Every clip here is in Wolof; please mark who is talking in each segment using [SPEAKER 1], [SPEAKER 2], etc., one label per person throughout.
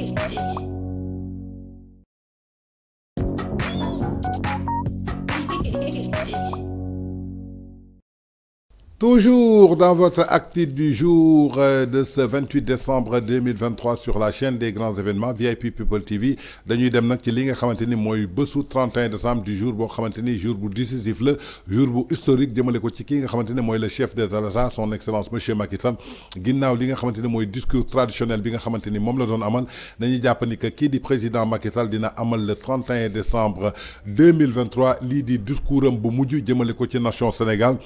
[SPEAKER 1] Thank you. Toujours dans votre acte du jour euh, de ce 28 décembre 2023 sur la chaîne des grands événements VIP People TV dañuy dem nag ci li nga 31 décembre du jour boo jour bu décisif le jour historique j'ai ko ci ki le chef de l'État son excellence monsieur Macky Sall ginnaaw li nga discours traditionnel bi nga la président Macky Sall dina amal le 31 décembre 2023 lii di discours am bu mujj jëmale ko ci nation Sénégal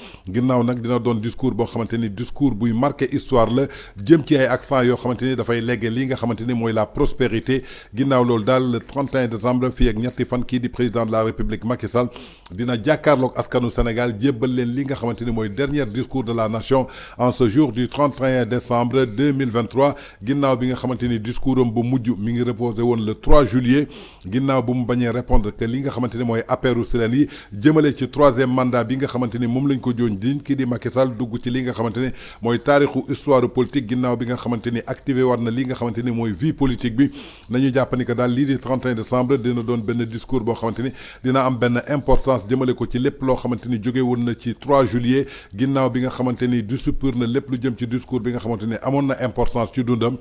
[SPEAKER 1] don discours bo xamanteni discours buy marqué histoire Le jëm ci ay accent yo xamanteni da fay legge li nga xamanteni moy la prospérité ginnaw lol dal le 31 décembre fi ak ñetti fan ki di président de la république Macky Sall dina ak askanu Sénégal jébal leen li nga xamanteni moy dernier discours de la nation en ce jour du 31 décembre 2023 ginnaw bi nga xamanteni discoursum discours bu muju mi ngi reposé won le 3 juillet ginnaw bu mu bañé répondre que li nga xamanteni moy mooy Sénégal. yi jëmele ci troisième mandat bi nga xamanteni mom Din lañ ko joon diñ ki di Macky Sall dugg ci li nga xamanteni moy mooy histoire politique ginnaaw bi nga xamanteni activé war na li nga xamanteni moy vie politique bi nañu jàpp ni que daal lii 31 décembre dina doon ben discours bo xamanteni dina am ben importance jëmele ko ci lepp lo xamanteni ni won na ci 3 juillet ginnaaw bi nga xamanteni ni dissoudre na lepp lu jëm ci discours bi nga xamanteni amon na importance ci dundam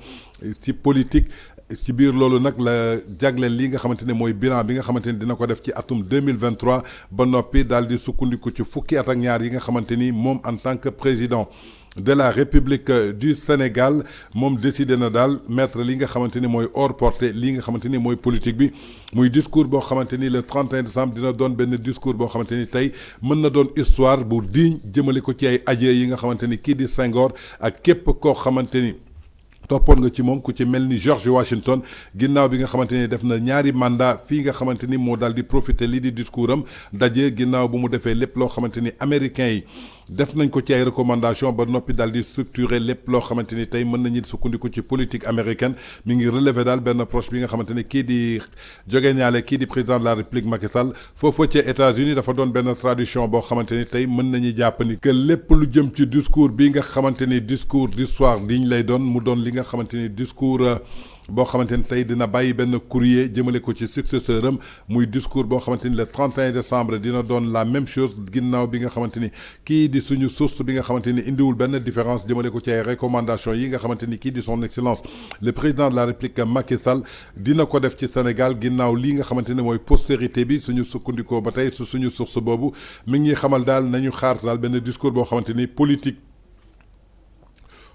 [SPEAKER 1] ci politique ci biir loolu nag la jagleel li nga xamante ne mooy bilan bi nga xamante ni dina ko def ci atum 2023 ba noppi daal di sukkandiku ci fukki at ak ñaar yi nga xamante ni moom en tant que président. de la République du Sénégal moom décidé na daal mettre li nga xamante ni mooy hors portée li nga xamante ni mooy politique bi muy discours boo xamante ni le 31 décembre dina doon benn discours boo xamante ni tey mën na doon histoire bu diñ jëmale ko ci ay aje yi nga xamante ni kii di sengor ak képp koo xamante ni topone nga ci mom ku ci melni George Washington ginnaw bi nga xamanteni def na ñaari mandat fi nga xamanteni mo di di discours dajé ginnaw bu mu défé lépp lo xamanteni américain yi def nañ ko ci ay recommandation ba noppi daal di structuré lépp loo xamante ni mën nañu ci politique américaine mi ngi relever dal ben approche bi nga xamanteni ni di jogé ñalé di président de la république Macky Sall ci États-Unis dafa don ben tradition bo xamanteni tay mën nañu japp ni que lépp lu jëm ci discours bi nga xamanteni discours d'histoire liñ lay don mu doon nga xamanteni discours euh, boo xamante ni tey dina bàyyi benn courrier jëmale ko ci successeur am muy discours boo xamante ni le 31 décembre dina doon la même chose ginnaaw bi nga xamante ni kii di suñu source bi nga xamante ni indiwul benn différence jëmale ko ci ay recommandations yi nga xamante ni kii di son excellence le président de la république Macky Sall dina ko def ci Sénégal ginnaaw lii nga xamante ni mooy postérité bi suñu sukkandikoo ba tey su suñu source boobu mi ngi xamal daal nañu xaar daal benn discours boo xamante ni politique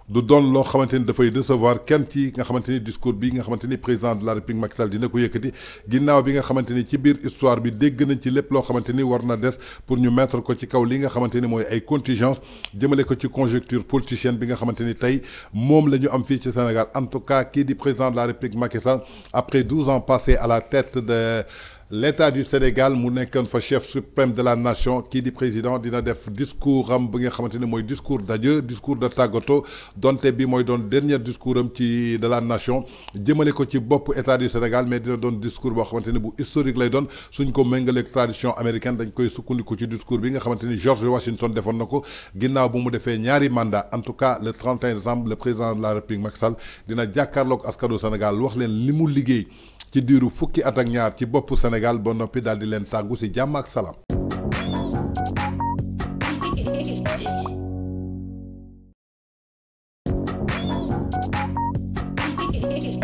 [SPEAKER 1] du donne lo xamanteni ni dafay recevoir kenn ci nga xamanteni discours bi nga xamanteni président de la république Macky Sall dina ko yëkkati ginnaaw bi nga xamanteni ci biir histoire bi dégg nañ ci lépp loo xamanteni war na des pour ñu mettre ko ci kaw li nga xamanteni ni mooy ay contingence jëmale ko ci conjecture politicienne bi nga xamanteni tay tey moom la ñu am fii ci Sénégal en tout cas kii di président de la république Macky Sall après douze ans passés à la tête de l'état du Sénégal mu nekkoon fa chef suprême de la nation qui di président dina def discours am bi nga xamante moy discours d'adieu discours de tagoto donte bi moy don dernier discours am ci de la nation jëmale ko ci bop état du Sénégal mais dina don discours bo xamante bu historique lay don suñ ko méngaleeg tradition américaine dañ koy sukkandiku ci discours bi nga xamante George Washington defon nako ginnaw bu mu defé ñaari mandat en tout cas le 31 décembre le président de la République maxal dina jàkkaarloog askadu Sénégal wax les limousines qui liggéey ci diiru fukki at ak ñaar ci bop Sénégal. Sénégal ba noppi daal di leen tàggu si jàmm ak salaam.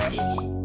[SPEAKER 1] Thank you.